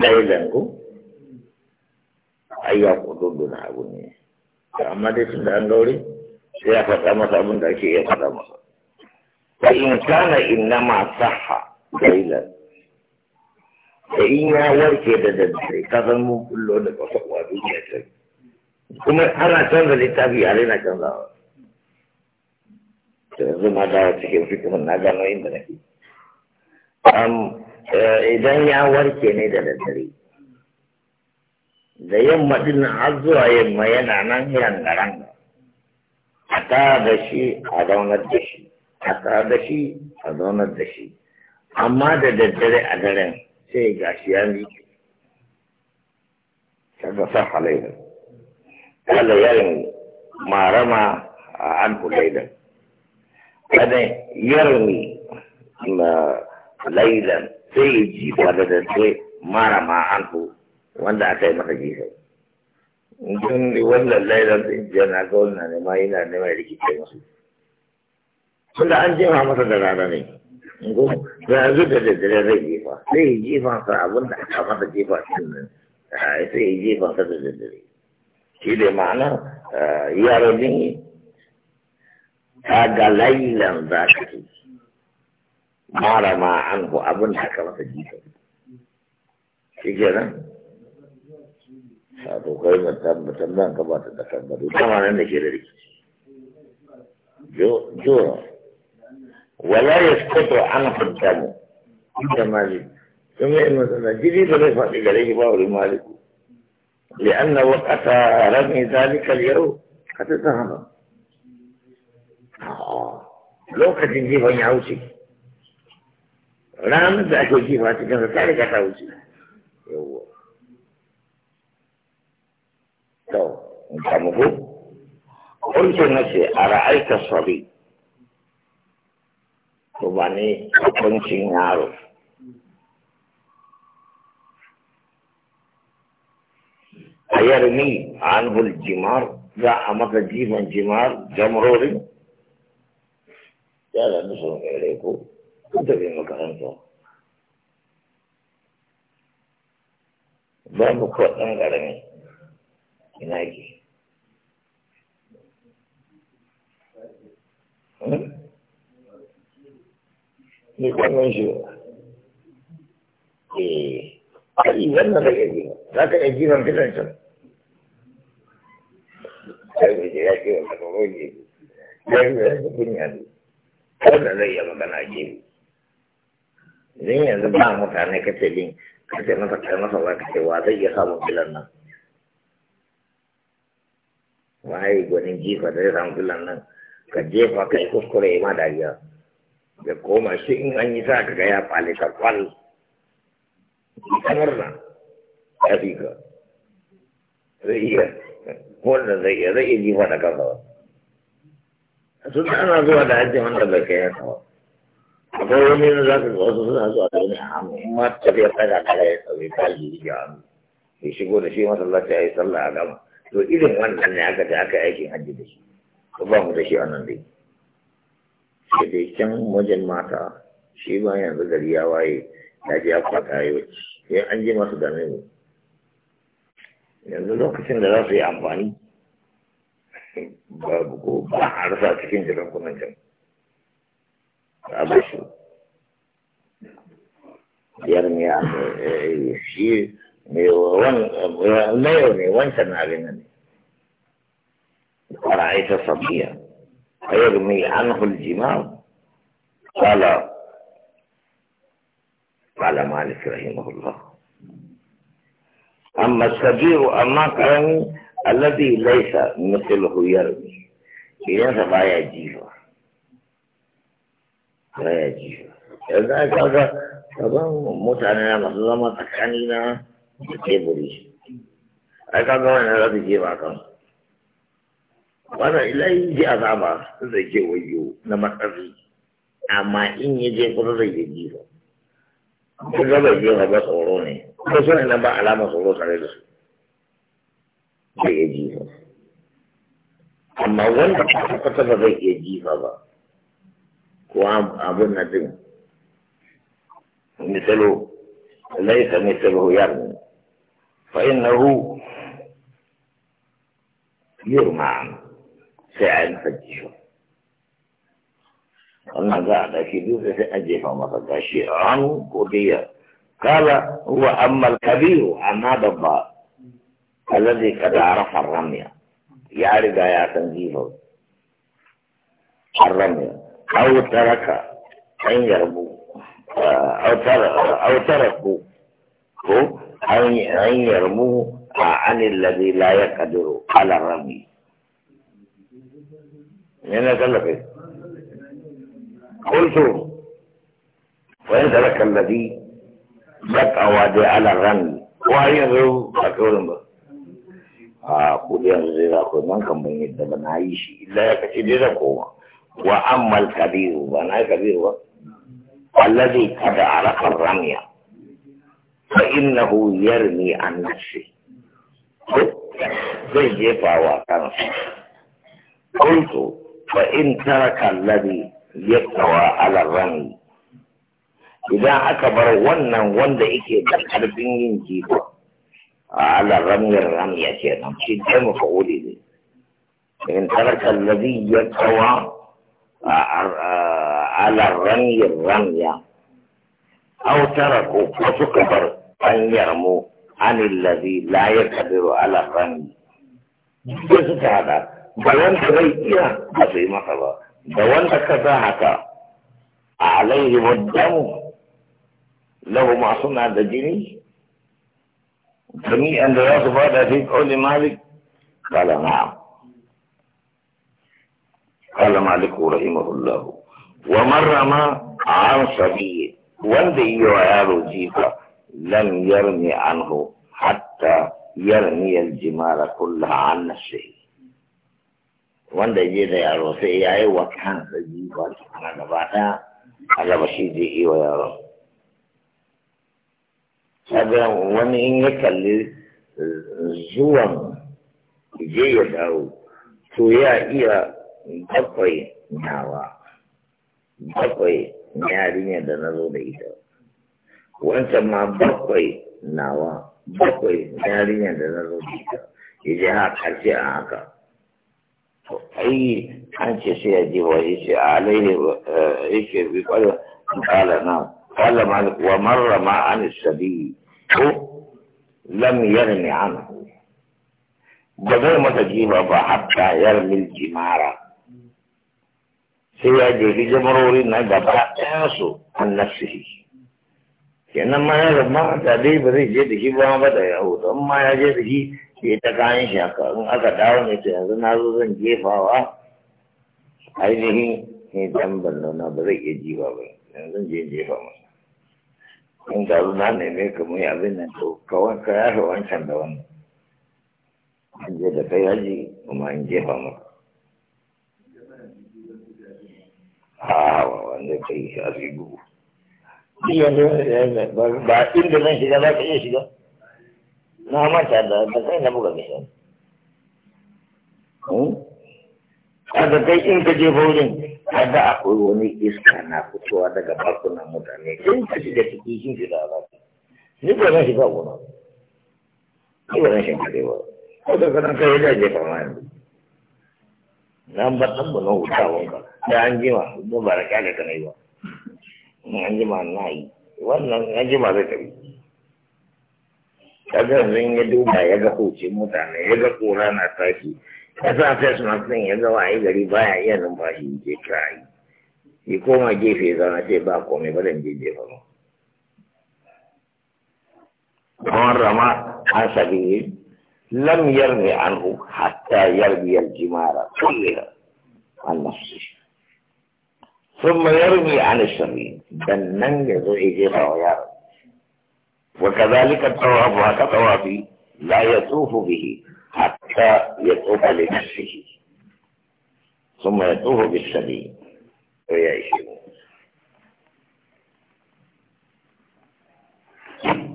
lailan ko ai ya kudu na abu ne amma dai tun da an gauri sai ya fata masa abun da ke iya faɗa masa fa in kana innama sahha lailan da in ya warke da daddare ka san mun kullo da kasa uwa duniya ta kuma ana canza littafi a raina canzawa da yanzu ma dawo cikin fitimin na gano inda nake Eh, idan ya warke ne da daddare da yamma din har zuwa yamma yana nan rangaran a tara da shi a zaunar da shi a tara da shi a zaunar da shi amma da daddare a daren sai ga shi ya mi. kaga sa halailu kala yarin marama a an hulailan kada yarin sai ya jifa da daddare mara ma anhu wanda aka yi masa jifa don wannan lailan din jiya na ga wannan ne ma yana ne ya rikice musu tunda an jefa masa da rana ne ko da yanzu da daddare zai jefa sai ya jefa sa abin da aka masa jefa din nan ah, sai ya jefa sa da daddare shi da ma'ana ah, yaro din ta ga lailan za ka ci على ما عنه أبن حكمة جيدة إيجانا سابو قيمة تم تمدان قبات الدكار بدو تمانا نكيرري جو جو ولا يسقط عن فتام إذا ما لي ثم إن مثلا جديد ليس في جريه باور مالك لأن وقت رمي ذلك اليوم قد تهنا آه. لو كنت جيبا يعوشي ranar da ake jifa cikin sa ta riga ta wuce yawwa to in samu ko kuntu nace a ra'aita sabi to ba ne kuncin yaro a yarmi an jimar za a maka jifan jimar jamrorin yara da sun ko sun tafi makaranta babu ko ɗan ƙarami ina ke hmm? ni kwanan shi eh ai wannan da yake za ka iya jiran kitan can sai ku je ya ke wata roge ya yi da kunya ne wannan zai iya magana ke idan yanzu ba mutane kace bin kace masa kai masa ba kace wa zai iya samun filan nan waye gwanin jifa da zai samun filan nan ka jefa ka yi kuskure ya ma dariya da koma shi in an yi sa ka ga ya kwale ta kwal kamar na ya fi ka zai iya wanda zai iya zai iya jifa da kansa ba sun ana zuwa da hajji wanda bai kai ya kawo akwai wani yin za wasu suna zuwa da wani amma tafiya tsaka kare ya tsaye kali ya hannu ya shigo da shi masallaci ya yi sallah a gama to irin wannan ne aka da aka yi aikin hajji da shi ko ba mu da shi a nan dai sai dai can wajen mata shi ba yanzu gari ya waye ya ji ya kwata ya wuce sai an ji masu game mu yanzu lokacin da za su yi amfani babu ko ba a rasa cikin jiran kunan can abu يرمي يرمي ورأيت صبيا فيرمي عنه الجمار قال قال مالك رحمه الله أما الصغير أما كان الذي ليس مثله يرمي إذا فلا يجيبه لا يجيبه yanzu ai kaga kaban mutane na masu zama tsakani na da teburi ai kaga wannan za su je ba kan wannan ilayi ji azaba zai je wayo na matsari amma in ya je kusa zai je jifa ko ga bai je ba tsoro ne ko so ne ba alama tsoro tare da su zai je jifa amma wanda ba ta ba zai je jifa ba ko abin na din مثله ليس مثله يرمي فإنه يرمى عنه أما قال ذلك يجوز سأجف مصداشي عنه قضية قال هو أما الكبير أما ضباء الذي قد عرف الرمي يعرف يا تنزيله الرمي أو ترك أن يربوه autaraku ko an yarmu a anin lade la ya kadiro alar rami na tallafe kulto wani tarakan lade zakawa dai alar rami ko har yanzu a wurin ba a kudi yanzu zai za ku nan kan ban yadda ba na yi shi illa ya kace dai da koma wa ammal kabiru ba na kabiru ba الذي قد عرف الرمي فإنه يرمي عن نفسه قلت فإن ترك الذي يقوى على الرمي إذا أكبر ونن وند إكي بنين جيبا على الرمي الرمية كنا شيء مفعول إن ترك الذي يقوى ala ranyin ranya au tara ko suka bar hanyar mu anil ladhi la yaqdiru ala ranyi da suka hada ba wanda zai iya ba yi masa ba da wanda ka za haka a alaihi waddamu lahu ma suna da jini jami'an da za su bada fi kauli malik kala na'am قال مالك رحمه الله ومرما عن صبي والذي يعيال جيفا لم يرمي عنه حتى يرمي الجمال كلها عن نفسه والذي يعيال سيئة وكان جيفا سبحانه نباتا على بشيده ويرى هذا وان يكلل زوان جيدا تويا إيه bakwai nawa bakwai na yarinya da na zo da ita wancan ma bakwai nawa bakwai na yarinya da na zo da ita ya je ha karshe a haka to ai an ce sai ya je wa ya ce a alaihi ya ce bi kwallon kala na kala malik wa marra ma an sabi ko lam yarmi anhu ba zai mata jiba ba hatta yarmi jimara sai ya jefi jamarori na gaba ɗaya su an nafsihi kenan ma ya zama da dai ba zai je da shi ba ba da yahudu in ma ya je da shi sai ta kayan shi haka in aka dawo ne to yanzu na zo zan jefawa ainihin ne dan ban nuna ba zai iya jiwa ba yanzu zan je jefa masa in da na neme ka mu yi abin nan to kawai ka yafe wancan da wannan an je da kai haji kuma an jefa maka a wanda ta yi a zigu ba inda zan shiga ba ka iya shiga na manta da da kai na buga misali a da hmm? kai in ka je wurin kada akwai wani iska na fitowa daga bakunan mutane in ka shiga ciki shi shiga a baki ni ba zan shiga gona ni ba zan shiga dai ba ko da kanan kai ya jefa ma yanzu nan ba ɗan ba na hutawan ba sai an jima ba ba da kyale na yi ba an jima na yi wannan an jima zai tafi kaga yanzu in ya duba ya ga huce mutane ya ga kura na tashi ya sa face mask ɗin ya ga wa'ayi gari baya iya numfashi je ka yi ya koma gefe zana ce ba komai ba da je jefa ba. Kamar rama an sabi لم يرغي عنه حتى يرمي الجمار كلها عن نفسه ثم يرمي عن الشرير دنن يزعجها ويرمي وكذلك الطواف هكطوافي لا يطوف به حتى يطوف لنفسه ثم يطوف بالسبيل ويعيش